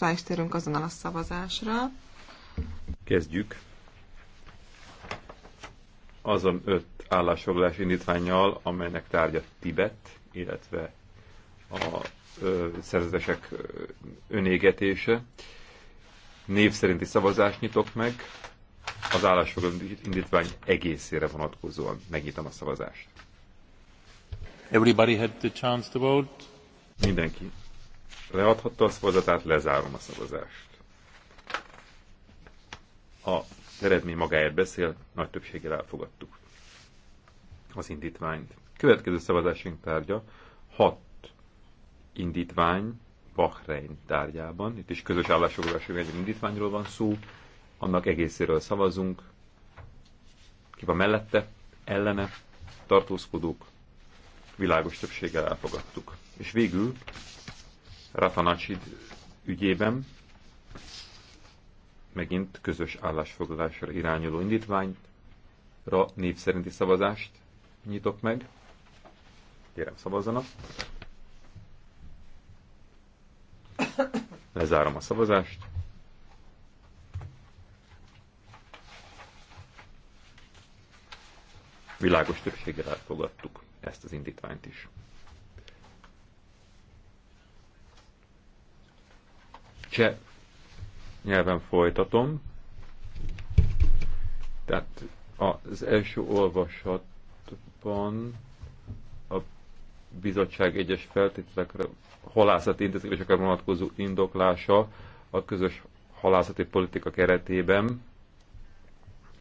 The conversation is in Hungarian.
rá szóval is térünk azonnal a szavazásra. Kezdjük. Azon öt állásfoglalás indítványjal, amelynek tárgya Tibet, illetve a ö, szerzetesek önégetése. Név szerinti szavazást nyitok meg, az állásfoglalás indítvány egészére vonatkozóan megnyitom a szavazást. Everybody had the chance to vote. Mindenki leadhatta a szavazatát, lezárom a szavazást. A eredmény magáért beszél, nagy többséggel elfogadtuk az indítványt. Következő szavazásunk tárgya 6 indítvány Bahrein tárgyában. Itt is közös állásfoglalási egy indítványról van szó, annak egészéről szavazunk. Ki van mellette, ellene, tartózkodók, világos többséggel elfogadtuk. És végül Rafanacsid ügyében megint közös állásfoglalásra irányuló indítványra név szerinti szavazást nyitok meg. Kérem szavazzanak. Lezárom a szavazást. Világos többséggel elfogadtuk ezt az indítványt is. cseh nyelven folytatom. Tehát az első olvasatban a bizottság egyes feltételekre halászati intézkedésekre vonatkozó indoklása a közös halászati politika keretében